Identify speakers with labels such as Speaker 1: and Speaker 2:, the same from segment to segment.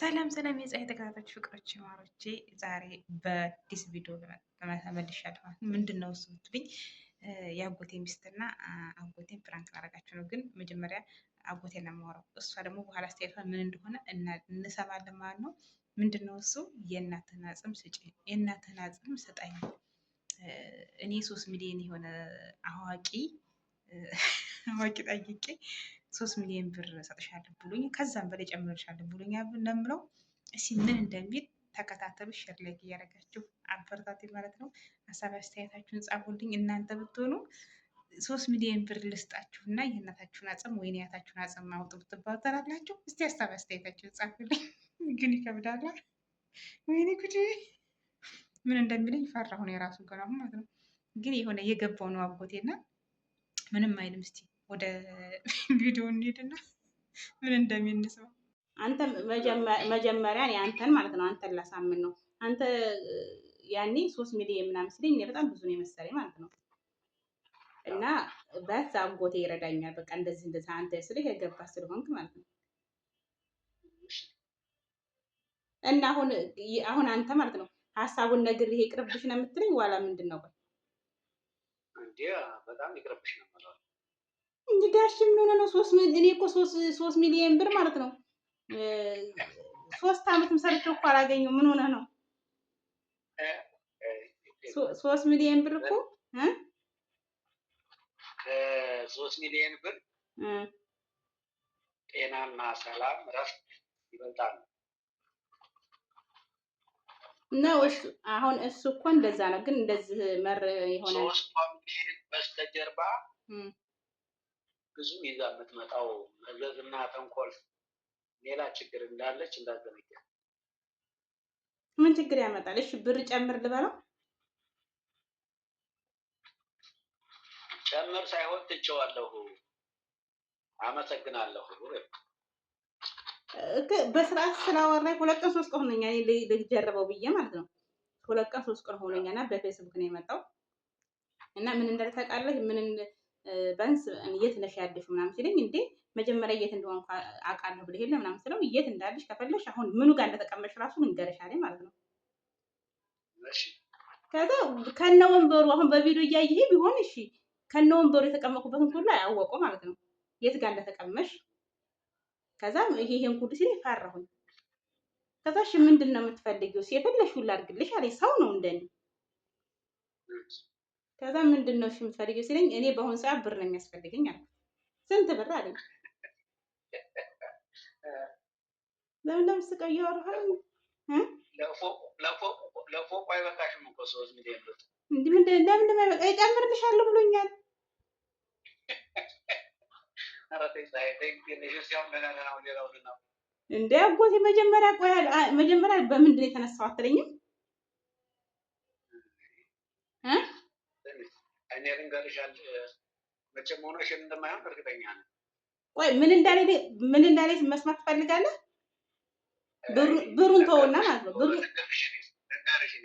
Speaker 1: ሰላም ሰላም የፀሐይ ተከታታዮች ፍቅሮች ማሮቼ ዛሬ በአዲስ ቪዲዮ ተመልሻለሁ። ምንድን ነው እሱ ብትሉኝ የአጎቴ ሚስትና አጎቴን ፕራንክ ላደርጋቸው ነው። ግን መጀመሪያ አጎቴን ነው እሷ ደግሞ በኋላ አስተያየቷ ምን እንደሆነ እንሰማለን ማለት ነው። ምንድን ነው እሱ የእናትህን አጽም ስጪኝ፣ የእናትህን አጽም ስጠኝ። እኔ ሶስት ሚሊዮን የሆነ አዋቂ አዋቂ ጠይቄ ሶስት ሚሊዮን ብር ሰጥሻለሁ ብሎኝ ከዛም በላይ ጨምርሻለሁ ብሎኝ ለምለው እስኪ ምን እንደሚል ተከታተሉ። ሼር ላይክ እያደረጋችሁ አበረታቴ ማለት ነው። ሀሳብ አስተያየታችሁን ጻፉልኝ። እናንተ ብትሆኑ ሶስት ሚሊዮን ብር ልስጣችሁ እና የእናታችሁን አጽም ወይን ያታችሁን አጽም አውጡ ተላላችሁ? እስቲ ሀሳብ አስተያየታችሁን ጻፉልኝ። ግን ይከብዳል። ወይኔ ጉዴ ምን እንደሚለኝ ፈራሁን። የራሱ ገና ማለት ነው። ግን የሆነ የገባው ነው አጎቴና ምንም አይልም እስቲ ወደ ቪዲዮ እንሄድና ምን እንደሚንሰው አንተ መጀመሪያን አንተን ማለት ነው አንተን ላሳምን ነው አንተ ያኔ ሶስት ሚሊዮን ምናምን ሲለኝ እኔ በጣም ብዙ ነው የመሰለኝ ማለት ነው። እና በዛ አጎቴ ይረዳኛል። በቃ እንደዚህ እንደዛ አንተ ስልህ የገባ ስለሆንክ ማለት ነው። እና አሁን አሁን አንተ ማለት ነው ሀሳቡን ይሄ ይቅርብሽ ነው የምትለኝ ዋላ ምንድን ነው? በጣም ይቅርብሽ ነው እንጂ ጋሽ ምን ሆነ ነው? እኔ እኮ ሶስት ሚሊዮን ብር ማለት ነው ሶስት አመት ሰርቼው እኮ አላገኘሁም። ምን ሆነ ነው? ሶስት ሚሊዮን ብር እኮ ሶስት ሚሊዮን ብር
Speaker 2: ጤናና ሰላም እረፍት ይበልጣል
Speaker 1: ነው እሱ። አሁን እሱ እኮ እንደዛ ነው፣ ግን እንደዚህ መር
Speaker 2: የሆነ በስተጀርባ ብዙ ይዛ የምትመጣው መዘዝ እና ተንኮል ሌላ ችግር እንዳለች እንዳዘነጋ
Speaker 1: ምን ችግር ያመጣል? እሺ ብር ጨምር ልበለው?
Speaker 2: ጨምር ሳይሆን ትቼዋለሁ፣ አመሰግናለሁ።
Speaker 1: በስርዓት ስላወራኝ ሁለት ቀን ሶስት ቀን ሆነኛል፣ ልጀርበው ብዬ ማለት ነው። ሁለት ቀን ሶስት ቀን ሆነኛና በፌስቡክ ነው የመጣው እና ምን እንዳለ ምን በንስ የት ነሽ ያለሽው ምናምን ሲለኝ እንዴ መጀመሪያ የት እንደሆን አውቃለሁ ብለህ የለ ምናምን ስለው የት እንዳለሽ ከፈለሽ አሁን ምኑ ጋር እንደተቀመጥሽ ራሱ ንገረሽ አለኝ ማለት ነው። ከዛ ከነ ወንበሩ አሁን በቪዲዮ እያየህ ቢሆን እሺ፣ ከነ ወንበሩ የተቀመጥኩበትን ሁሉ አያወቁ ማለት ነው የት ጋር እንደተቀመጥሽ። ከዛ ይሄን ሁሉ ሲል ፈራሁኝ። ከዛ እሺ ምንድን ነው የምትፈልጊው? የፈለግሽውን አድርግልሽ አለኝ። ሰው ነው እንደኔ ከዛ ምንድን ነው የምትፈልጊው ሲለኝ እኔ በአሁኑ ሰዓት ብር ነው የሚያስፈልገኝ አለ። ስንት ብር አለኝ። ለምን ለምስቀው እያወራሁ
Speaker 2: ለፎቁ አይበቃሽም እኮ ሶስት ሚሊዮን ብር ምንድን ለምን
Speaker 1: ማይበቃ ይጨምርልሻለሁ ብሎኛል። እንደ አጎቴ መጀመሪያ ቆይ መጀመሪያ በምንድን የተነሳው አትለኝም?
Speaker 2: እኔ ልንገርሻል መቼም ሆነሽን እንደማይሆን እርግጠኛ
Speaker 1: ነኝ። ወይ ምን እንዳለ ምን እንዳለ መስማት ትፈልጋለህ? ብሩን ተወና
Speaker 2: ማለት ነው። ብሩ ልንገርሽን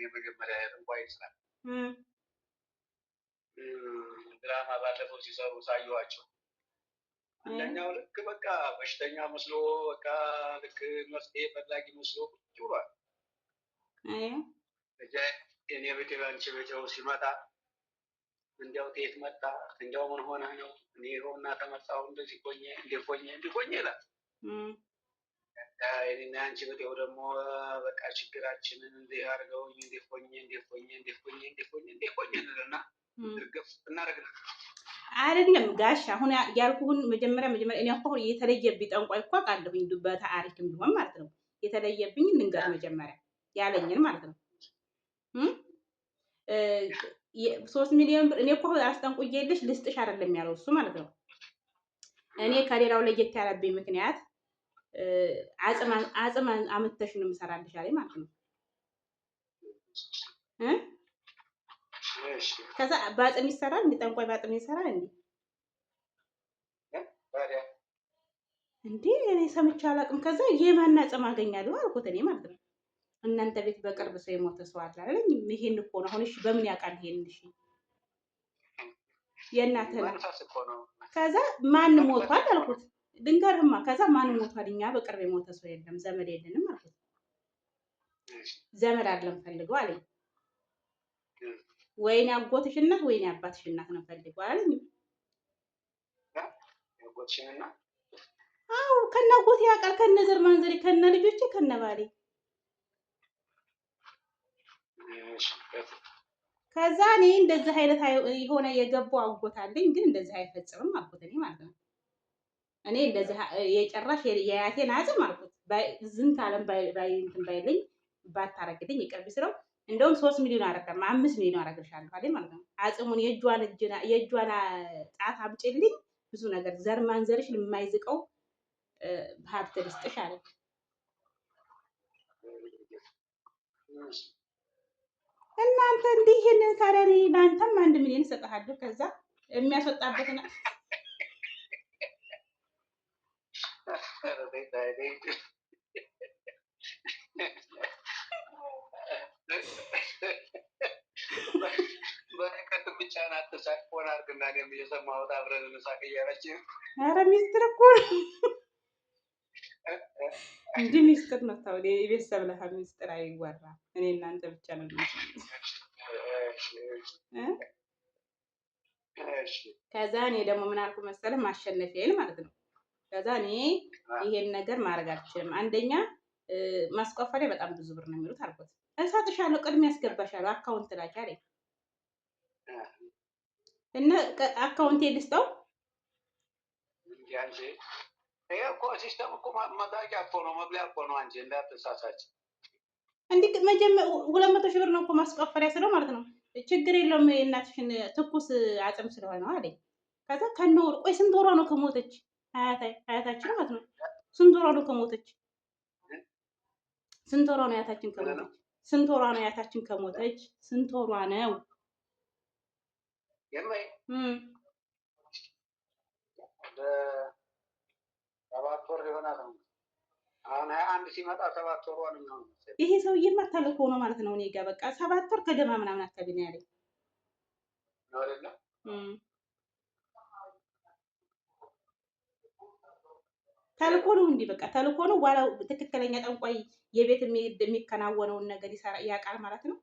Speaker 2: የመጀመሪያ ድራማ ባለፈው ሲሰሩ ሳየኋቸው አንደኛው ልክ በቃ በሽተኛ መስሎ በቃ ልክ መፍትሄ ፈላጊ መስሎ ቁጭ ብሏል። እኔ ቤቴ በአንቺ ቤቴው ሲመጣ እንዲያው ጤት መጣ እንዲያው ምን ሆነ ነው እኔ ይኸውና ተመጣሁ እንደዚህ ቆኘ እንዲቆኘ እንዲቆኘ ይላል። እኔና አንቺ ብጤው ደግሞ በቃ ችግራችንን እንዲህ አድርገውኝ እንዲቆኘ እንዲቆኘ እንዲቆኘ እንዲቆኘ እንዲቆኘ እንልና ድርገፍ እናደርግናል።
Speaker 1: አይደለም ጋሽ አሁን ያልኩህን መጀመሪያ መጀመሪያ እኔ አሁን የተለየብኝ ጠንቋይ እኮ አውቃለሁኝ በታሪክም ቢሆን ማለት ነው። የተለየብኝ ልንገር መጀመሪያ ያለኝን ማለት ነው ሶስት ሚሊዮን ብር እኔ እኮ አስጠንቁዬልሽ ልስጥሽ አይደለም ያለው እሱ ማለት ነው። እኔ ከሌላው ለየት ያለብኝ ምክንያት አጽም አምተሽ ነው የምሰራልሽ አለኝ ማለት ነው። ከዛ በአጽም ይሰራል እንደ ጠንቋይ በአጽም ይሰራል እንዴ? እንዴ እኔ ሰምቼ አላውቅም። ከዛ የማን አጽም አገኛለሁ አልኩት እኔ ማለት ነው። እናንተ ቤት በቅርብ ሰው የሞተ ሰው አለ አይደል? ይሄን እኮ ነው። አሁን እሺ፣ በምን ያውቃል ይሄን? እሺ፣
Speaker 2: የእናተ ነው።
Speaker 1: ከዛ ማን ሞቷል አልኩት፣ ድንገርማ ከዛ ማን ሞቷል? እኛ በቅርብ የሞተ ሰው የለም፣ ዘመድ የለንም አልኩት። ዘመድ አይደለም ፈልገው አለኝ። ወይኔ አጎትሽ እናት፣ ወይኔ አባትሽ እናት ነው ፈልገው አለኝ። አዎ ከነ አጎቴ ያውቃል፣ ከነ ዘር ማንዘሬ፣ ከነ ልጆቼ፣ ከነ ባሌ ከዛ እኔ እንደዚህ አይነት የሆነ የገቡ አጎት አለኝ፣ ግን እንደዚህ አይፈጽምም አልኩት እኔ ማለት ነው። እኔ እንደዚህ የጨራሽ የያቴን አጽም አልኩት ዝንት አለም ባይንትን ባይለኝ ባታረግልኝ ይቀርብ ስለው እንደውም ሶስት ሚሊዮን አረቀም አምስት ሚሊዮን አረግልሻለሁ አለኝ ማለት ነው። አጽሙን የእጇን ጣት አምጪልኝ ብዙ ነገር ዘር ማንዘርሽ የማይዝቀው ሀብት ልስጥሽ አለኝ። እናንተ እንዲህ ይሄንን ካረሪ ለአንተም አንድ ሚሊዮን እሰጥሃለሁ። ከዛ የሚያስወጣበት ነው።
Speaker 2: በረከት ብቻ ናት። ሳቅ ሆን አድርግና እየሰማሁት አብረን እንሳቅ እያለች
Speaker 1: ኧረ ሚስትር እኮ እንዲህ ሚስጥር ነው። ታው የቤተሰብ ለካ ሚስጥር አይወራም። እኔ እናንተ ብቻ ነው። ከዛ እኔ ደግሞ ምን አልኩ መሰለ ማሸነፊያ ማለት ነው። ከዛ እኔ ይሄን ነገር ማድረግ አልችልም። አንደኛ ማስቆፈሪያ በጣም ብዙ ብር ነው የሚሉት አልኩት። እሰጥሻለሁ፣ ቅድሚያ ያስገባሻለሁ አካውንት ላይ አለኝ እና አካውንቴ ልስጠው
Speaker 2: ይሄ እኮ ሲስተም እኮ መታወቂያ እኮ ነው፣ መብለያ እኮ ነው። አንቺ እንዳትሳሳች።
Speaker 1: እንዲህ መጀመር ሁለት መቶ ሺህ ብር ነው እኮ ማስቆፈሪያ ስለው ማለት ነው። ችግር የለውም የእናትሽን ትኩስ አጽም ስለሆነ አለኝ። ከዛ ከነወር ቆይ ስንት ወሯ ነው ከሞተች? አያታችን ማለት ነው። ስንት ወሯ ነው ከሞተች? ስንት ወሯ ነው አያታችን ከሞተች? ስንት ወሯ ነው አያታችን ከሞተች? ስንት ወሯ ነው
Speaker 2: የማይ ሰባት ወር ይሆናል። አሁን ሀያ አንድ ሲመጣ ሰባት ወር ዋን ነው።
Speaker 1: ይሄ ሰውዬ ማታለቅ ሆኖ ማለት ነው። እኔ ጋር በቃ ሰባት ወር ከደማ ምናምን አካባቢ ነው ያለኝ ተልኮ ነው እንዲህ በቃ ተልኮ ነው። ዋላ ትክክለኛ ጠንቋይ የቤት የሚከናወነውን ነገር ይሰራ ያውቃል ማለት ነው።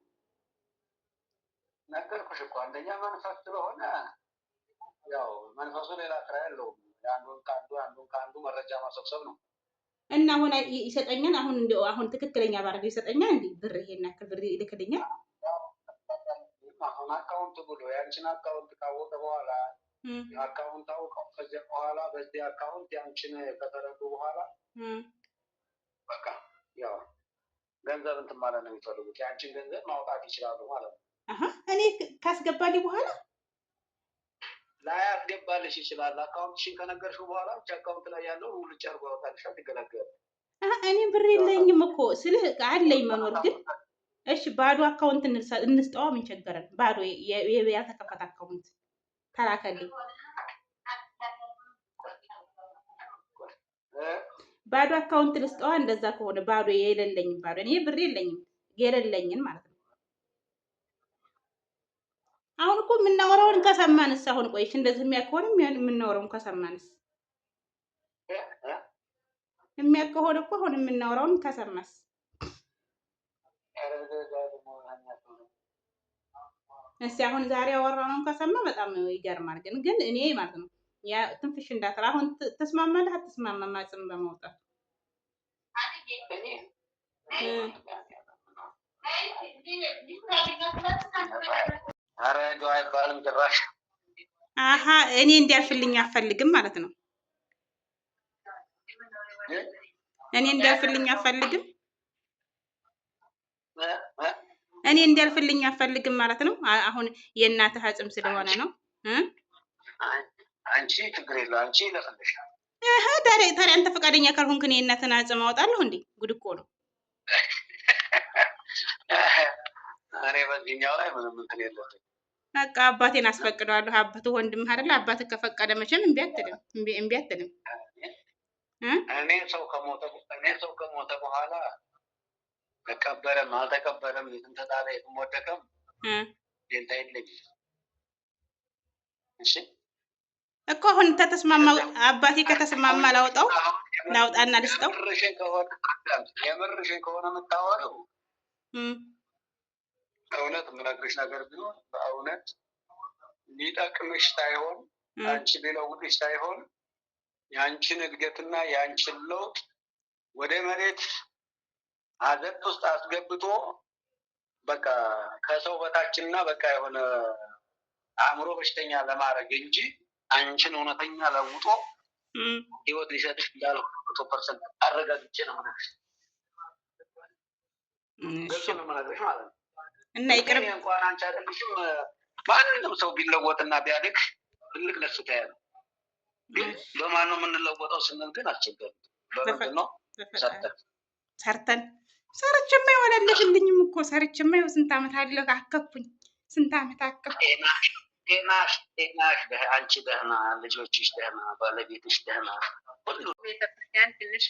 Speaker 2: ነገርኩሽ እኮ አንደኛ መንፈስ ስለሆነ ያው መንፈሱ ሌላ ስራ ያለውም አንዱን ከአንዱ አንዱን ከአንዱ መረጃ ማሰብሰብ ነው።
Speaker 1: እና አሁን ይሰጠኛል። አሁን እንደ አሁን ትክክለኛ ባረገ ይሰጠኛል። እንዲ ብር ይሄን ያክል ብር ይልክልኛል።
Speaker 2: አሁን አካውንት ብሎ ያንቺን አካውንት ካወቀ በኋላ አካውንት አውቀው ከዚያ በኋላ በዚህ አካውንት ያንቺን ከተረዱ በኋላ በቃ ያው ገንዘብ እንትን ማለት ነው የሚፈልጉት ያንቺን ገንዘብ ማውጣት ይችላሉ ማለት
Speaker 1: ነው። እኔ ካስገባልኝ በኋላ
Speaker 2: ላይ ላያስገባልሽ ይችላል። አካውንትሽን ከነገርሽው በኋላ ብቻ አካውንት ላይ ያለው ሁሉ አድርጎ ያወጣልሻ ትገላገል።
Speaker 1: እኔ ብር የለኝም እኮ ስልህ አለኝ መኖር ግን እሺ፣ ባዶ አካውንት እንስጠዋ፣ ምን ቸገረን? ባዶ ያልተከፈተ አካውንት ተላከልኝ። ባዶ አካውንት ልስጠዋ። እንደዛ ከሆነ ባዶ የሌለኝም ባዶ እኔ ብር የለኝም የሌለኝን ማለት ነው አሁን እኮ የምናወራውን ከሰማንስ አሁን ቆይሽ እንደዚህ የሚያከሆን ከሆነ የምናወራውን ከሰማንስ የሚያ እኮ አሁን የምናወራውን ከሰማስ እስ አሁን ዛሬ ያወራነውን ከሰማ በጣም ይገርማል። ግን ግን እኔ ማለት ነው ያ ትንፍሽ እንዳትል አሁን ተስማማለህ አትስማማም? አጽም በማውጣት
Speaker 2: አረ ዱዓ አይባልም ጭራሽ።
Speaker 1: አሀ እኔ እንዲያልፍልኝ አፈልግም ማለት ነው። እኔ እንዲያልፍልኝ አፈልግም እኔ እንዲያልፍልኝ አልፈልግም ማለት ነው። አሁን የእናትህ አጽም ስለሆነ ነው።
Speaker 2: አንቺ ችግር የለው አንቺ ይለፍልሻል።
Speaker 1: ታዲያ ታዲያ አንተ ፈቃደኛ ካልሆንክ እኔ የእናትህን አጽም አወጣለሁ እንዴ? ጉድ እኮ ነው።
Speaker 2: እኔ በዚህኛው ላይ ምንም እንትን የለብኝ
Speaker 1: በቃ አባቴን አስፈቅደዋለሁ። አባት ወንድም አይደለ? አባት ከፈቀደ መቼም እምቢ አትልም፣ እምቢ አትልም።
Speaker 2: እኔ ሰው ከሞተ ሰው ከሞተ በኋላ ተቀበረም አልተቀበረም የትም ተጣለ የትም ወደቀም ደንታ የለኝም። እሺ
Speaker 1: እኮ አሁን ተተስማማ አባቴ ከተስማማ ላውጣው ላውጣና ልስጠው።
Speaker 2: የምርሽ ከሆነ የምርሽ ከሆነ የምታወሪው ከእውነት ምናግርሽ ነገር ቢሆን በእውነት ሊጠቅምሽ ሳይሆን አንቺ ሊለውጥሽ ሳይሆን የአንቺን እድገትና የአንቺን ለውጥ ወደ መሬት አዘቅት ውስጥ አስገብቶ በቃ ከሰው በታችና በቃ የሆነ አእምሮ በሽተኛ ለማድረግ እንጂ አንቺን እውነተኛ ለውጦ ህይወት ሊሰጥሽ እንዳል መቶ ፐርሰንት አረጋግጬ ነው ምነግርሽ። ገብቼ ነው ምነግርሽ ማለት ነው። እና ይቅርብ እንኳን አንቺ አይደለሽም ማንም ሰው ቢለወጥና ቢያድግ ትልቅ ደስታ ያለው ግን በማን ነው የምንለወጠው ስንል ግን አስቸገር ነው ሰርተን
Speaker 1: ሰርተን ሰርችማ ይወለለሽልኝም እኮ ሰርችማ ይኸው ስንት ዓመት አለሁ አከብኩኝ ስንት ዓመት
Speaker 2: አከብኩ ጤናሽ ጤናሽ አንቺ ደህና ልጆችሽ ደህና ባለቤትሽ ደህና ሁሉ ቤተክርስቲያን ትንሽ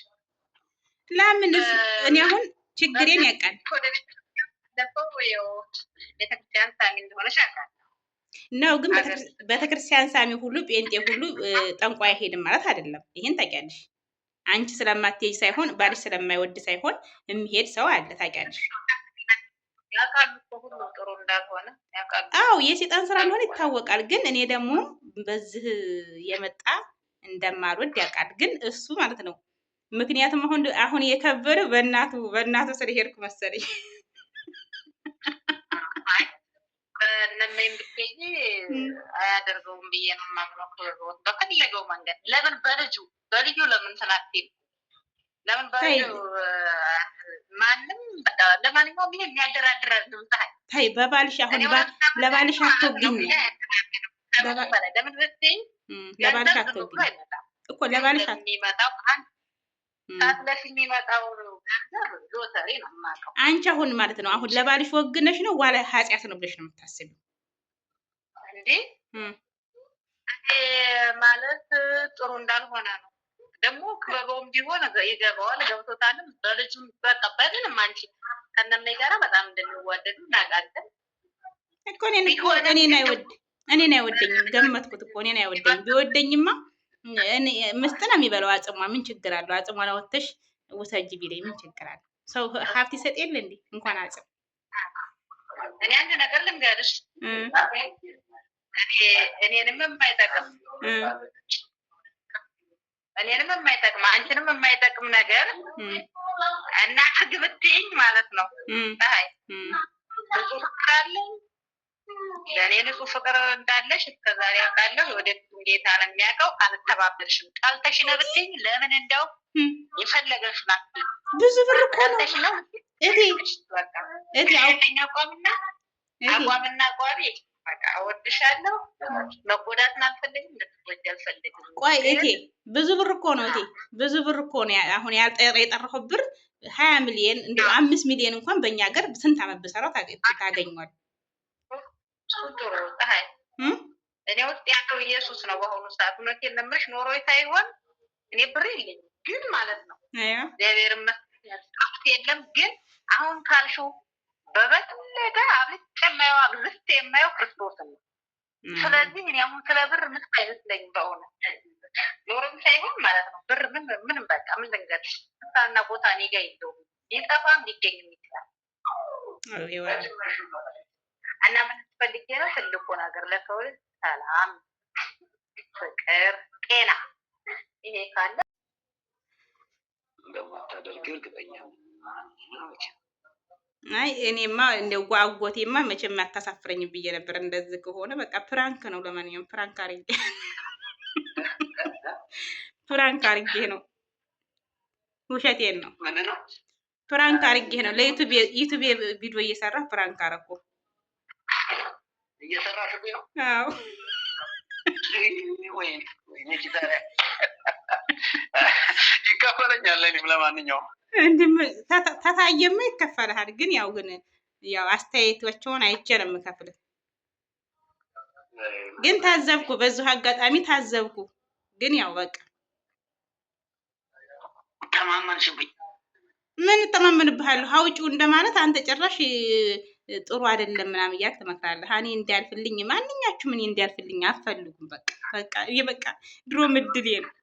Speaker 1: ለምን እኔ አሁን ችግሬን ያውቃል የምትደበው ቤተክርስቲያን ሳሚ እንደሆነች አውቃለሁ ነው ግን ቤተክርስቲያን ሳሚ ሁሉ ጴንጤ ሁሉ ጠንቋይ አይሄድም ማለት አይደለም። ይሄን ታውቂያለሽ። አንቺ ስለማትሄጅ ሳይሆን ባልሽ ስለማይወድ ሳይሆን የሚሄድ ሰው አለ። ታውቂያለሽ። አዎ የሴጣን ስራ እንደሆነ ይታወቃል። ግን እኔ ደግሞ በዚህ የመጣ እንደማልወድ ያውቃል። ግን እሱ ማለት ነው ምክንያቱም አሁን አሁን የከበደው በእናቱ በእናቱ ስለሄድኩ መሰለኝ
Speaker 2: እነመኝ ብትይ አያደርገውም ብዬ ነው የማምነው። በፈለገው መንገድ ለምን በልጁ በልዩ ለምን ትናቴ ለምን በልዩ ማንም ለማንኛውም ይሄ የሚያደራድረ ልምጣል
Speaker 1: በባልሽ አሁን ለባልሽ አትወግኝ ለባልሽ አትወግኝ እኮ ለባልሽ የሚመጣው ሳትለፊ የሚመጣው ገንዘብ ሎተሪ ነው የማውቀው። አንቺ አሁን ማለት ነው አሁን ለባልሽ ወግነሽ ነው ዋለ ሀጢያት ነው ብለሽ ነው የምታስቢው እንዴ?
Speaker 2: ማለት ጥሩ እንዳልሆነ ነው ደግሞ ክበበውም ቢሆን ይገባዋል፣ ገብቶታልም። በልጁም በቀበልንም አንቺ ከነሜ ጋራ በጣም እንደሚዋደዱ እናውቃለን
Speaker 1: እኮ እኔን አይወድ እኔን አይወደኝም። ገመትኩት እኮ እኔን አይወደኝም። ቢወደኝማ ምስጥ ነው የሚበላው አጽሟ። ምን ችግር አለው? አጽሟ ለወተሽ ውሰጅ ቢለኝ ምን ችግር አለው? ሰው ሀብት ይሰጥ የለ እንዴ? እንኳን አጽም።
Speaker 2: እኔ አንድ ነገር ልንገርሽ፣ እኔንም የማይጠቅም እኔንም የማይጠቅም አንቺንም የማይጠቅም ነገር እና ግብትኝ ማለት ነው። ይ ብዙ ፍቅር አለ ለእኔ ንጹህ ፍቅር እንዳለሽ እስከዛሬ አውቃለሁ ወደ ጌታ ነው የሚያውቀው። አልተባበርሽም ነው ብትኝ ለምን እንደው የፈለገሽ ናት ብዙ ብር እኮ ነው አቋምና እወድሻለሁ። አልፈልግም፣ ልትጎጂ አልፈልግም።
Speaker 1: ቆይ እቴ ብዙ ብር እኮ ነው እቴ ብዙ ብር እኮ ነው። አሁን የጠራኸው ብር ሀያ ሚሊዮን እንደ አምስት ሚሊዮን እንኳን በእኛ ሀገር ስንት አመት ብሰራው ታገኘዋል።
Speaker 2: እኔ ውስጥ ያለው ኢየሱስ ነው። በአሁኑ ሰዓት እውነት የለምሽ ኖሮ ሳይሆን እኔ ብር የለኝም ግን ማለት ነው እግዚአብሔር መስፍት የለም ግን አሁን ካልሽው በበለጠ አብልጬ የማየው አብዝቼ የማየው ክርስቶስ ነው። ስለዚህ እኔ አሁን ስለ ብር ምን አይመስለኝም በእውነት ኖሮም ሳይሆን ማለት ነው ብር ምን ምንም በቃ ምን ልንገርሽ ሳና ቦታ እኔ ጋ የለውም ሊጠፋም ሊገኝም ይችላል እና ምን ትፈልጊ ነው ትልቁ ነገር ለሰው ልጅ ሰላም፣ ፍቅር፣ ጤና ይሄ ካለ እንደማታደርግ እርግጠኛ
Speaker 1: አይ እኔማ እንደ ጓጎቴማ መቼም አታሳፍረኝ ብዬ ነበር። እንደዚህ ከሆነ በቃ ፕራንክ ነው። ለማንኛውም ፕራንክ አርጌ ፕራንክ አርጌ ነው፣ ውሸቴን ነው። ፕራንክ አርጌ ነው ለዩቱብ ዩቱብ ቪዲዮ እየሰራ ፕራንክ አረኩ። እየሰራሽብኝ ይከፈለኛል። እኔም ለማንኛውም ተታየማ ይከፈልሃል። ግን ያው ግን ያው አስተያየቶቸውን አይቼ ነው የምከፍልህ። ግን ታዘብኩ፣ በዚሁ አጋጣሚ ታዘብኩ። ግን ያው በቃ ተማመንሽብኝ። ምን እተማመንብሃለሁ? አውጪው እንደማለት አንተ ጭራሽ ጥሩ አይደለም ምናምን እያልክ ትመክራለህ። እኔ እንዲያልፍልኝ ማንኛችሁም እኔ እንዲያልፍልኝ አትፈልጉም። በቃ በቃ ድሮ ምድል ነው